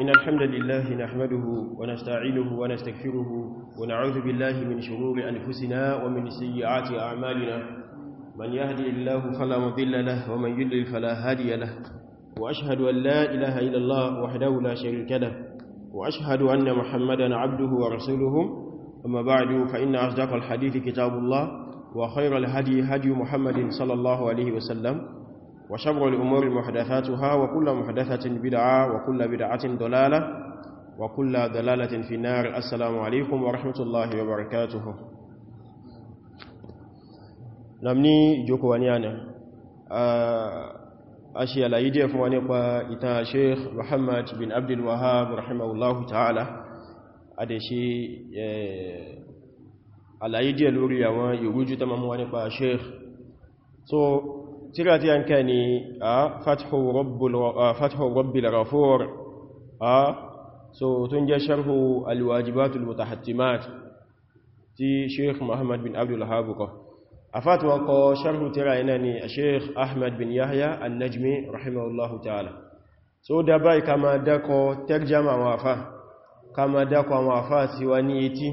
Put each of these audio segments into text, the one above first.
إن الحمد لله نحمده ونستعينه ونستكفره ونعوذ بالله من شرور أنفسنا ومن سيئات أعمالنا من يهدي الله فلا مضل له ومن يدل فلا هادي له وأشهد أن لا إله إلا الله وحده لا شريك له وأشهد أن محمدا عبده ورسوله أما بعد فإن أصدق الحديث كتاب الله وخير الهدي هدي محمد صلى الله عليه وسلم وشبر الأمور محدثاتها وكل محدثة بدعة وكل بدعة دلالة وكل دلالة في النار السلام عليكم ورحمة الله وبركاته نمني جوكو ونيانا آه، أشياء لا يديف ونقى إتا شيخ محمد بن عبد الوهاب رحمه الله تعالى أدشي آه، على يدي الوريا ويوجد تمام ونقى شيخ so tíra tí a ń ká ní a fathu rabbil ghafur a so tún jẹ́ sharhu alwajibatul mutahattimat ti sheikh muhammad bin abdul habuka a fatuwa kọ sharhu tíra yana ni a sheikh ahmad bin yahya annajmi rahimahullahu ta'ala so da bai kama dako tarjama wafa kama dako wafa ti wani eti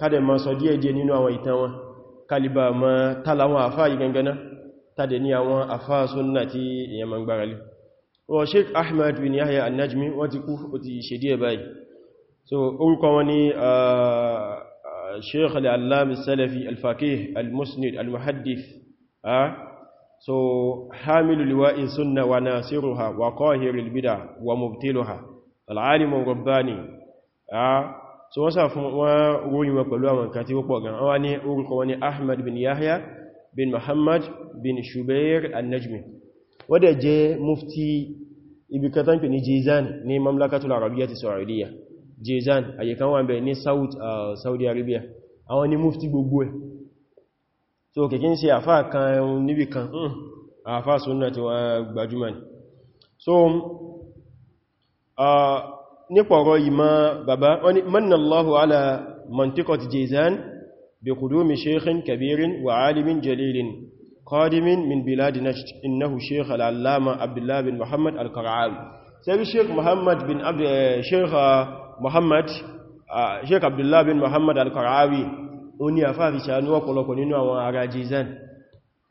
kada ma so díẹ̀ díẹ̀ nínú àwọn kaliba ma talawọn afa yi gangana tàdé ní àwọn àfáà súnnà tí èyàn ma ń gbára lé wọ́n sheik ahmad bin yahya annajmi wọ́n ti kú ó ti ṣe díẹ̀ báyìí so orúkọ wọn ni uh, uh, sheik al'allami salafi al-faqih al-musnid al-muhaddith so hamilu liwa'in sunna wa nasiruha wa qahirul bid'a wa mubtiluha al-alimu rabbani so wọ́n sá fún wọ́n ròyìn wọn pẹ̀lú àwọn kan tí ó pọ̀ gan wọ́n ni orúkọ wọn ni ahmad bin yahya bin muhammad bin shubair al-najmi wọ́n dẹ̀ jẹ́ mufti ibikatan pè ní jizan ní mamlakatul arabiya ti saudiya jizan ayyakan wọn bẹ̀ ní uh, saudi arabia àwọn ni mufti gbogbo ẹ̀ so kìkín sí àfá kan níbi kan hmm, àfá sunna tí wọ́n gbajúmọ̀ ni so uh, nípa ọ̀rọ̀ ìmọ̀ bàbá wọ́n ni mannallahu ala mantiqat jizan bi qudumi shaykhin kabirin wa alimin jalilin قادم من بلاد نجد إنه شيخ العلامة عبد الله بن محمد القرعاوي سيبي شيخ محمد بن عبد شيخ محمد شيخ عبد الله بن محمد القرعاوي ó ní àfáà fi ṣàánú ọ̀pọ̀lọpọ̀ nínú àwọn ará Jizan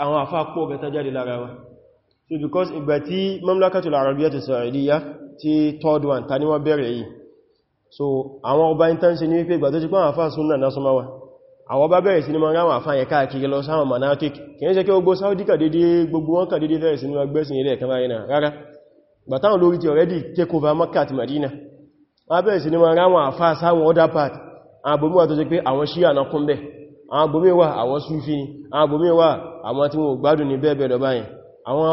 àwọn àfáà pọ̀ gẹta jáde lára wọn so because ìgbà tí Mamlakatul Arabiyyah ti Saudiya ti third one ta ni wọ́n bẹ̀rẹ̀ yìí so àwọn ọba intanṣe ní wípé ìgbà tó ti pọ́n àfáà súnnà násọmáwàá àwọn bá bẹ̀rẹ̀ sí ní máa ráwọn àfáyẹ káàkiri lọ sáwọn monarchic kì í ṣe kí gbogbo Saudi kàdédé gbogbo wọn kàdédé fẹ́rẹ̀ sí ní máa gbẹ́sìn ilẹ̀ kan báyìí náà rárá gbàtàwọn lórí ti already take over Makkah àti Madina wọ́n bẹ̀rẹ̀ sí ní máa ráwọn part àbòmí wà tó ṣe pé àwọn ni àwọn àbòmí wà àwọn tí wọn gbádùn ní bẹ́ẹ̀ bẹ́ẹ̀ lọ báyìí àwọn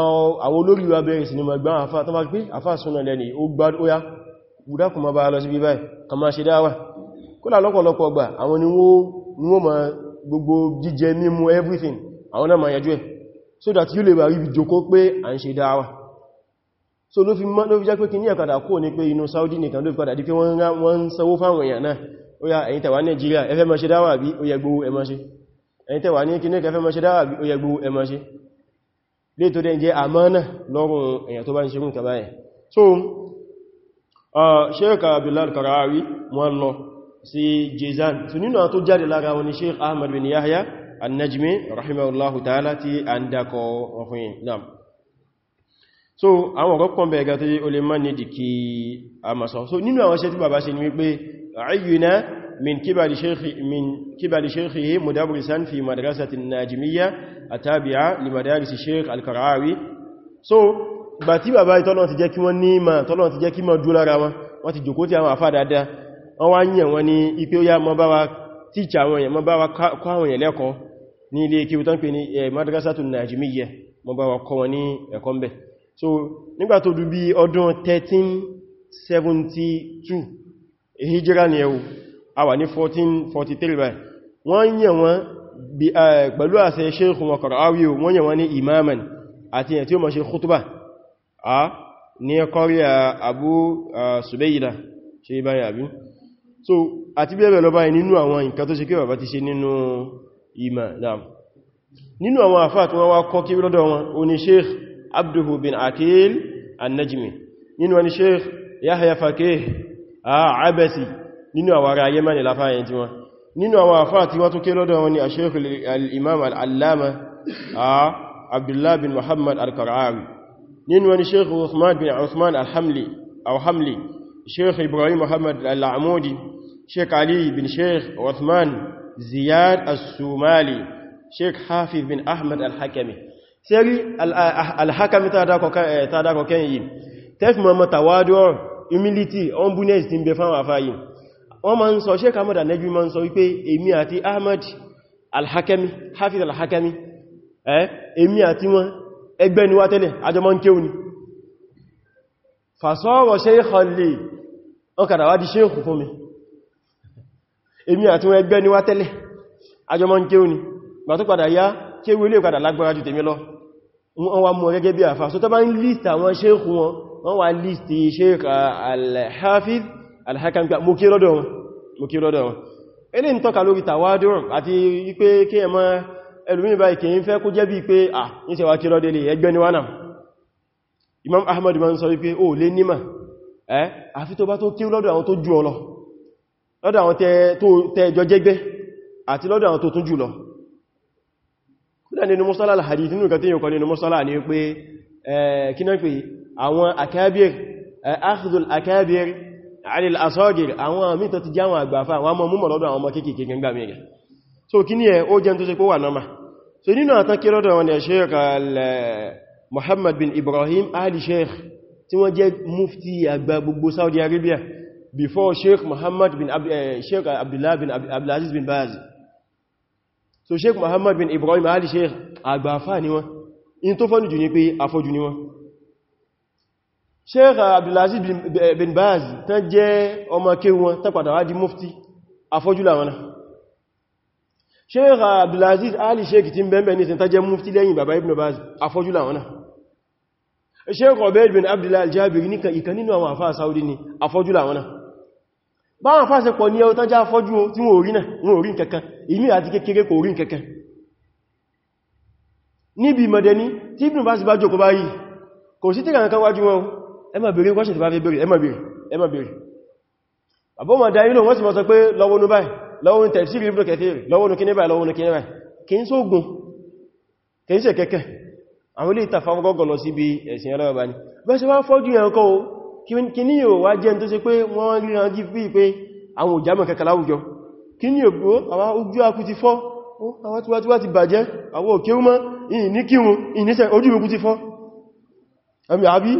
olórí wa bẹ̀rẹ̀ sí ní máa gbá àfá tó bá pé àfá súnà lẹ́ni ó ni wọ́n ma gbogbo jíjẹ mímú everything àwọn náà ma yẹjú ẹ̀ so that you lè bá ríbi jòkó pé à ń ṣe dáwà so ló fi jẹ́ pé kí ní ẹ̀kàdà kó ní pé inú Saudi nìkan ló fi padà di pé wọ́n ń sanwó fáwọn èèyàn náà ó yá ẹ̀yin tẹ̀wà Nàìjíríà ẹ fẹ́ máa ṣe dáwà bí ó yẹ gbówó ẹ máa ṣe ẹ̀yin tẹ̀wà ní so uh, Sheikh Abdullah Al-Karawi wọ́n lọ sí Jizan so nínú àwọn tó jáde lára wọn ni Sheikh Ahmad bin Yahya An-Najmi rahimahullahu ta'ala tí a ń ọkùnrin náà so àwọn ọ̀rọ̀pọ̀ bẹ̀rẹ̀ tó yí o lè ní dìkí a so nínú àwọn ṣe tí bàbá ṣe ni wípé ayyuna min kíbàlì sheikhi mudabrisan fi madrasati najimiyya a tabi'a li madarisi sheikh al so gbà tí bàbá ìtọ́lọ̀ ti jẹ́ kí wọ́n ní ma tọ́lọ̀ ti jẹ́ kí ma dúlára wọn wọ́n ti jòkó tí a ma dáadáa wọ́n wá yẹ̀ wọ́n ní ipé ó yá mọ́ bá wa tíjà àwọn èèyàn mọ́ bá wa kọ́ àwọn èèyàn lẹ́kọ̀ọ́ ní ilé kí o tán pè ní eh, madrasatu najimiyya mọ́ bá wa kọ́ wọn ní ẹ̀kọ́ mbẹ̀ so nígbà tó dù bí ọdún 1372 hijira ni ẹwù a wà ní 1443 báyìí wọ́n yẹ̀ wọ́n eh, pẹ̀lú àṣẹ sheikh eh, Abu ṣe báyìí àbí so àti bẹ́ẹ̀bẹ̀ lọ báyìí nínú àwọn nǹkan tó ṣe kí bàbá ti ṣe nínú ìmọ̀ dam nínú àwọn àfáà tí wọ́n wá kọ́ kí lọ́dọ̀ wọn o ni sheikh abduhu bin akil annajmi nínú wani sheikh yahya fakih a abasi nínú àwọn ará ayé mani lafáyẹn tí wọn nínú àwọn àfáà tí sheikh ibrahim muhammad al-amudi sheikh ali bin sheikh uthman ziyad as-sumali sheikh hafiz bin ahmad al-hakami sẹ́rí al-hakami ta dákọ̀ kẹ́ yìí tẹ́fì mọ́ tàwádọ́ humility humbleness ti ń bẹ fáwọn afáyí wọ́n ma ń sọ sheikh ahmad al-najmi ma ń sọ wípé èmi àti ahmad al-hakami hafiz al-hakami eh, èmi àti wọn ẹgbẹ́ ni wá tẹ́lẹ̀ àjọmọ́ ń kéwù fàṣọ́wọ̀ ṣeéhàn lè ọkàdà wá di ṣeéhù fún mi èmi àti wọn ẹgbẹ́ ni wá tẹ́lẹ̀ ajọmọ́ ń kéwú ni gbà tó padà yá kéwú ilé ìkàdà lágbára jù tèmi lọ wọ́n wá mọ̀ gẹ́gẹ́ bí àfà so tó bá ń list àwọn ṣeéhù wọn wọ́n wá list sheikh al-hafiz al-hakam gbà mo kí lọ́dọ̀ ẹlùmí báyìí kìí fẹ́ kó jẹ́ bí pé à ń ṣe wá kí lọ́dẹ̀ ẹgbẹ́ ni wá Imam Ahmad ma ń sọ wípé o lè nímà ẹ́ àfi tó bá tó kí lọ́dọ̀ àwọn tó jù ọ lọ lọ́dọ̀ àwọn tẹ́ẹjọ jẹ́gbẹ́ àti lọ́dọ̀ àwọn tó tún jù lọ kúrò nínú mọ́sálà al-hadith nínú kàtí yíò kọ nínú mọ́sálà ní pé kíná pé àwọn akabir akhdhul akabir alil asagir àwọn àmìta ti jáwọn àgbàfà àwọn ọmọ múmọ̀ lọ́dọ̀ àwọn ọmọ kéèkéé gbà mẹ́rẹ̀ so kí ní ẹ ó jẹ́ tó ṣe pé wà nọ́mà so nínú àtàkí lọ́dọ̀ wọn ni ẹ̀ṣẹ́ Muhammad bin Ibrahim Ali Sheikh tí wọ́n jẹ́ mufti àgbà gbogbo Saudi Arabia before Sheikh Muhammad bin eh, Sheikh Abdullah bin Abdulaziz bin Baz so Sheikh Muhammad bin Ibrahim Ali Sheikh àgbà afá ni wọ́n in tó fọ́nù jù ní pé afọ́jú ni wọ́n Sheikh Abdulaziz bin eh, Baz tán jẹ́ ọmọ kí wọn tán padà wá di mufti afọ́jú làwọn náà Sheikh Abdulaziz Ali Sheikh tí ń bẹ̀m̀bẹ̀ ní ìsìn tán mufti lẹ́yìn bàbá Ibn Baz afọ́jú làwọn náà Sheikh Ubayd bin Abdullah al-Jabiri níkan ìkan nínú àwọn àfáà Saudi ni afọ́jú làwọn náà bá wọn fáṣẹ pọ̀ ní ẹwọ́tán já afọ́jú tí wọ́n orí náà wọ́n orí nǹkankan ìmí àti kékeré kò orí nǹkankan níbi mọ̀dẹni tí Ibn Bas bá jókòó báyìí kò sí tíkà nǹkan wájú wọn ẹ má bèèrè kọ́ṣẹ̀ tí bá fẹ́ bèèrè ẹ má bèèrè ẹ má bèèrè àbọ́ ma àwọn ilé ìtàfàwọn gọ́gọ̀ lọ sí bí ẹ̀sìn ọlọ́ọ̀bá ni bá ṣe wá fọ́jú ẹ̀kọ́ o kí ní yóò wá jẹ́ tó ṣe pé wọ́n ríran jí bí pé àwọn òjámọ̀ kẹta láwùjọ kí ní yóò bó àwọn ojú akú ti fọ́ àwọn tí wá ti bàjẹ́ àwọn òkè ọmọ ìní kírun ìníṣẹ́ ojú mi kú ti fọ́ àmì àbí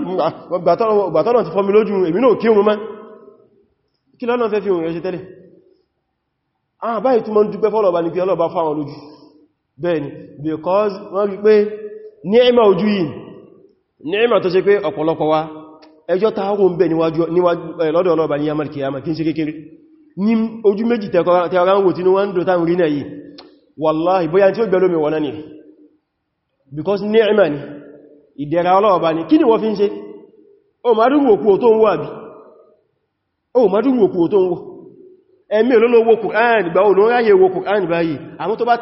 gbàtọ́nà ah, because wọ́n rí pé ni'ima ojú yìí ni'ima tó ṣe pé ọ̀pọ̀lọpọ̀ wa ẹjọ́ taaro ń bẹ lọ́dọ̀ ọlọ́ba ní yamal kiyama kí n ṣe kékeré ní ojú méjì tẹ́ọ̀rá ń wò tí ní wọ́n ń wallahi ni because ni ìdẹ̀ra ọlọ́ọ̀bá ni kí fi ń ṣe o ma dúrù òkú tó ń o ma dúrù òkú tó ń wò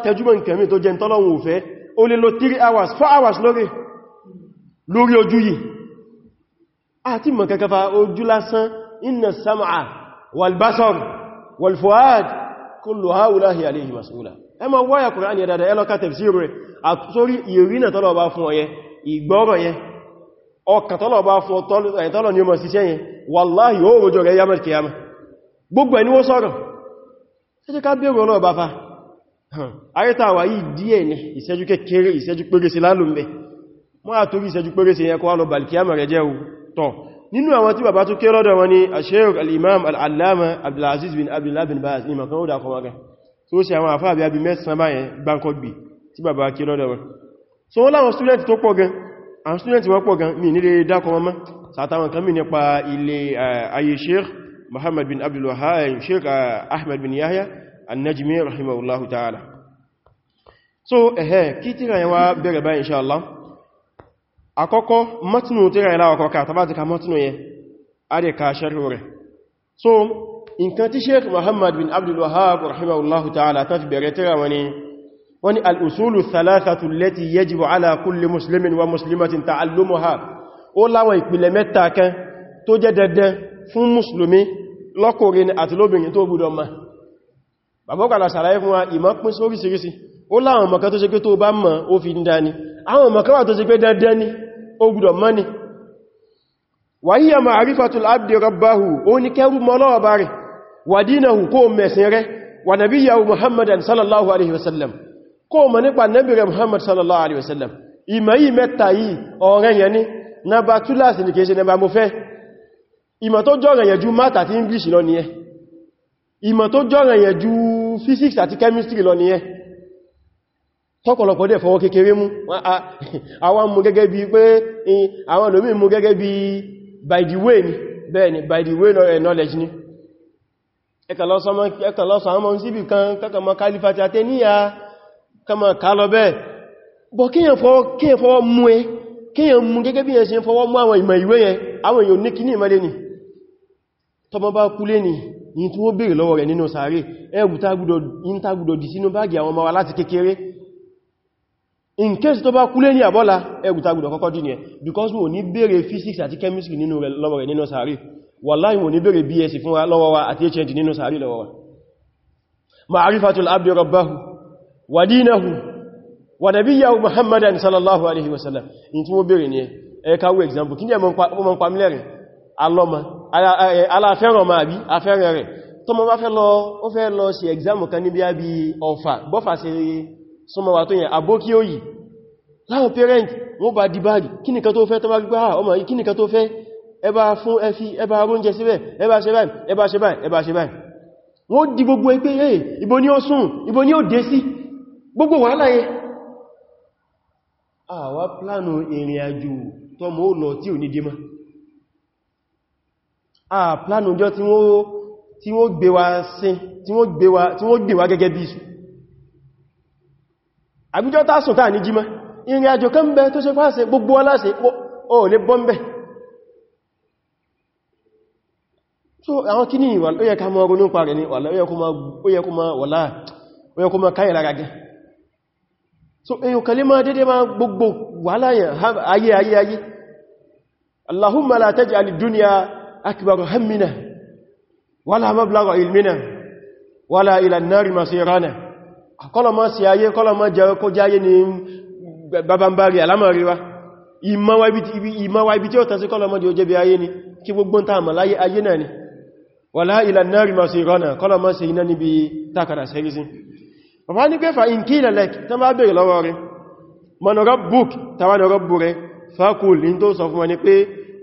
ẹ̀mí o lè lo 3 hours 4 hours lórí lórí ojú yìí àti mọ̀ kẹkẹfà ojú lásán inna sam'a walbasar walfuad kullu haulahi alayhi mas'ula ẹ ma wáyà Kùránì yẹ dada ẹlọ́ka tafsir rẹ̀ àtórí ìrìnà tọ́lọ̀ bá fún ọyẹ ìgbọ́rọ̀ yẹn ọkà tọ́lọ̀ bá fún ọtọ́lọ̀ ní ọmọ síṣẹ́ yẹn wallahi ó rojọ rẹ̀ yamar kiyama gbogbo ẹni wó sọ́rọ̀ ẹ jẹ́ ká bẹ̀rù ọlọ́ bá fa ayétàwà yìí díẹ̀ ní ìṣẹ́jú kékeré ìṣẹ́jú pérése lálùmbẹ̀ mọ́ àtórí ìṣẹ́jú pérése yẹn kọ́ lọ balkiyama rẹ̀ jẹ́ tọ́ nínú àwọn tí bàbá tó ké lọ́dọ̀ wọn ni asheik al'imam al'allama abdulaziz bin abdullah bin baz ni makan ó dákọ̀ wága tó ṣe àwọn àfáà bí abi mẹ́sàn báyẹn gbáǹkọ́gbì tí bàbá ké lọ́dọ̀ wọn so wọ́n láwọn student tó pọ̀ gan àwọn student wọ́n pọ̀ gan mi nílé dákọ̀ wọn mọ́ sàtàwọn kan mi nípa ilé eh, ayé sheik muhammad bin abdullah sheik eh, ahmed bin yahya annajmi rahimahullahu ta'ala so ehe kí tíra yẹn wá bẹ̀rẹ̀ báyìí insha Allah àkọ́kọ́ mọ́tínú tíra yẹn láwọ́kọ́ ká tàbátí ka mọ́tínú yẹn adé ka ṣẹ́rù rẹ̀ so nǹkan tí sheikh muhammad bin abdul wahab rahimahullahu ta'ala ta fi bẹ̀rẹ̀ tíra wani wani al'usulu thalathatu lati yajibu ala kulli muslimin wa muslimatin ta'allumuha ó láwọn ìpìlẹ̀ mẹ́ta kan tó jẹ́ dandan fún musulmi lọ́kùnrin àti lóbìnrin tó gbọ́dọ̀ máa bàbọ́kàlà sàlàyé fún wa ìmọ̀ pín sóríṣìíríṣìí ó láwọn ọmọ kan tó ṣe pé tó bá mọ̀ ó fi ń dání àwọn ọmọ kan wà tó ṣe pé dandan ní ó gbọ́dọ̀ mọ̀ ní wa hiya ma'rifatul abdi rabbahu ó ní kẹrù Muhammadan sallallahu alaihi wasallam kó mọ̀ nípa nabi sallallahu alaihi wasallam ìmọ̀ yìí mẹ́ta yìí na ba túláàsì ní na ba mo fẹ́ ìmọ̀ tó jọ́ English lọ ìmọ̀ tó jọ́rọ̀ yẹ̀ ju physics àti chemistry lọ nìyẹn tọ́kọ̀lọpọ̀ dẹ̀ fọwọ́ kékeré mú àwọn mú gẹ́gẹ́ bí pé àwọn olómi mú gẹ́gẹ́ bí by the way ni bẹ́ẹ̀ ni by the way eh, knowledge ni ẹkànlọ́sọ àwọn síbì kan kọ́kànmọ́ kalifati àtẹ́ níyà kọmọ kálọ bẹ́ẹ̀ bọ́ kíyàn fọwọ́ mú ẹ kíyàn mú gẹ́gẹ́ bí yẹn ṣe fọwọ́ mú àwọn ìmọ̀ ìwé yẹn àwọn ni tọmọ bá kú lé ni yìí tí wọ́n bèèrè lọ́wọ́ rẹ̀ nínú sàárè ẹrù tágùdọ̀ dì sínú báàgì àwọn ọmọ wa láti kékeré in case tó bá kúlé ní àbọ́lá ẹrù tágùdọ̀ kọ́kọ́ dì ní ẹ because wọ́n ní bèèrè physics àti chemistry nínú rẹ̀ lọ́wọ́ rẹ̀ nínú sàárè wallahi wọ́n ní bèèrè BSc wa lọ́wọ́ wa àti HND nínú sàárè lọ́wọ́ wa ma'arifatul abdi rabbahu wa dinahu wa alaihi wasallam in tí ni ẹ mọ́ ń pa mílẹ̀rin alọ́mọ aláfẹ́ràn eh, eh, máa bí afẹ́rẹ̀ rẹ̀ tó mọ́ bá fẹ́ lọ ó fẹ́ lọ ṣe exam kan níbi a bí ọfà bọ́fà sí súnmọ́ wà tó yẹn abókí ó yìí láwọn parent wọ́n bá di báàgì kíníkan tó fẹ́ tó bá gbá ah, ọmọ yìí kíníkan tó fẹ́ ẹbá fún ẹfí ẹbá oúnjẹ síbẹ̀ ẹbá ṣe báyìí ẹbá ṣe báyìí ẹbá ṣe báyìí wọ́n di gbogbo ẹgbẹ́ ẹ̀ ibo ni ó sùn ibo ni ó dé sí gbogbo wàhálà yẹn àwa plánù ìrìn àjò tọ́mọ ó lọ tí ò ní dé máa a plánù jọ tí wọ́n gbé wa sí tí wọ́n gbé wa gẹ́gẹ́ bí iṣu àgbíjọ́ tá sùn táà ní jímá ìrìn àjò kan bẹ tó ṣe fáṣẹ gbogbo aláṣẹ o lè bọ́ mbẹ̀ so àwọn kí ní ìwà lóyẹ ká mọ́ ọrún nípa rẹ̀ ní wàlá kó so èyàn kan lè máa dédé máa gbogbo wàhálà yẹn ayé ayé ayé Allahumma la taj'al ad-dunya أكبر همنا ولا مبلغ علمنا ولا إلى النار مصيرنا kọ́lọ̀ mọ́ sí ayé kọ́lọ̀ mọ́ jẹ́ kó jáyé ní babambari alamariwa ìmọ̀wà ibi tí ó tàn sí kọ́lọ̀ mọ́ jẹ́ ojẹ́bí ayé ni kí gbogbo ta àmà láyé ayé náà ni wala ila nari masirana kọ́lọ̀ mọ́ sí iná níbi takara sẹ́rísí bàbá ní pé fa in kí lẹ́lẹ́k tán bá bèèrè lọ́wọ́ rẹ̀ mọ̀nà rọ́bùk tàwọn rọ́bù rẹ̀ fákùl ní tó sọ fún wọn ni pé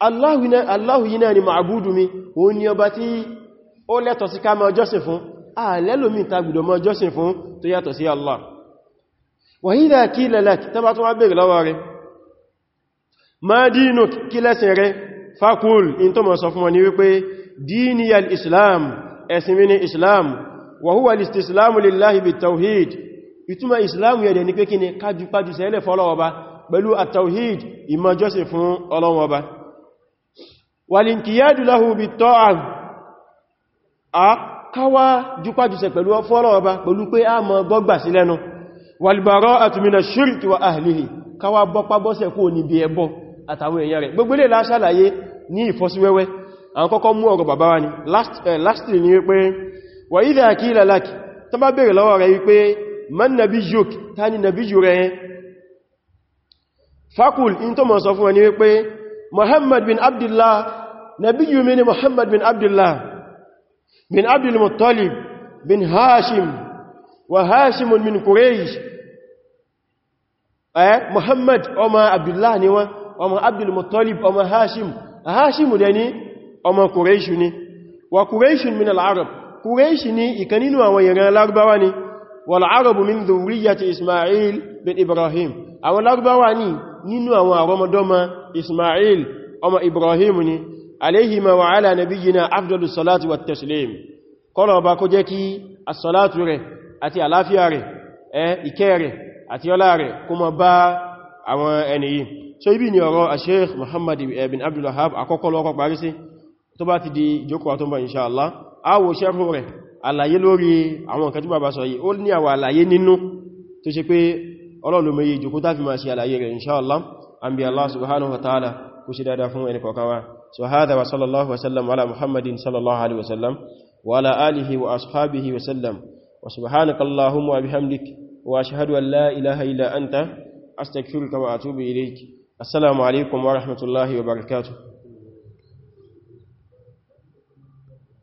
Allahu yìí náà ni ma'abudu mi òun ni ọba tí ó lẹ́tọ̀ sí ká máa jọ́sìn fún ààlẹ́lòmí tàbùdọ̀ máa jọ́sìn fún tó yàtọ̀ sí Allah wa idha qila lak tàbá tó wá bèèrè lọ́wọ́ rẹ̀ ma dinuk kí lẹ́sìn rẹ̀ fakul in tó mọ̀ sọ fún wọn ni wípé diniyal wàlìnkìyàdù láhù bí tọ́ àkáwà jùpájúsẹ̀ pẹ̀lú ọfọ́lọ́ ọba pẹ̀lú pé a mọ̀ gbọ́gbà sí lẹ́nu wàlìbàrọ́ àtùmìnà ṣírìkì wa ahìlìhì káwà bọ́pá bọ́sẹ̀ kó níbi ẹbọ àtàwọn èèyàn rẹ̀ gbogbo lè láṣàlàyé ní last eh, ni wípé wà ìdá àkílà lákì tó bá bèèrè lọ́wọ́ rẹ̀ wípé man nabi juk ta ni nabi jù rẹ̀ fakul in tó mọ̀ sọ fún ẹni wípé Muhammad bin Abdullah نبي من محمد بن عبد الله بن عبد المطلب بن هاشم وهاشم من قريش آه، محمد وما عبد الله نوا وما عبد المطلب وما هاشم هاشم يعني وما قريش وقريش من العرب قريش يكنينوا ويران الأرباواني والعرب من ذورية إسماعيل بن إبراهيم أو الأرباواني ينوا ورمضوما إسماعيل وما إبراهيم ني aléhìmá wa ala nabiyyina afdalu salatu wa taslim kọ́lọ̀ ọba kó jẹ́ kí asalatu rẹ̀ àti àláfíà rẹ̀ ìkẹ́ rẹ̀ àti ọlá rẹ̀ kó mọ bá àwọn ẹniyí so ibi ni ọ̀rọ̀ Sheikh Muhammad bin Abdul Wahhab àkọ́kọ́ lọ́kọ́ parí sí tó bá ti di ìjókòó àtúnbà insha Allah àwò sẹ́fún rẹ̀ àlàyé lórí àwọn nǹkan tí bàbá sọ yìí ó ní àwọn àlàyé nínú tó ṣe pé ọlọ́lùmẹ́yẹ ìjókòó tá dáadáa fún ẹnìkọ̀ọ̀kan wa so هذا وصلى الله وسلم على محمد صلى الله عليه وسلم وعلى آله وأصحابه وسلم وسبحانك اللهم وبحمدك وأشهد أن لا إله إلا أنت أستكفرك وأتوب إليك السلام عليكم ورحمة الله وبركاته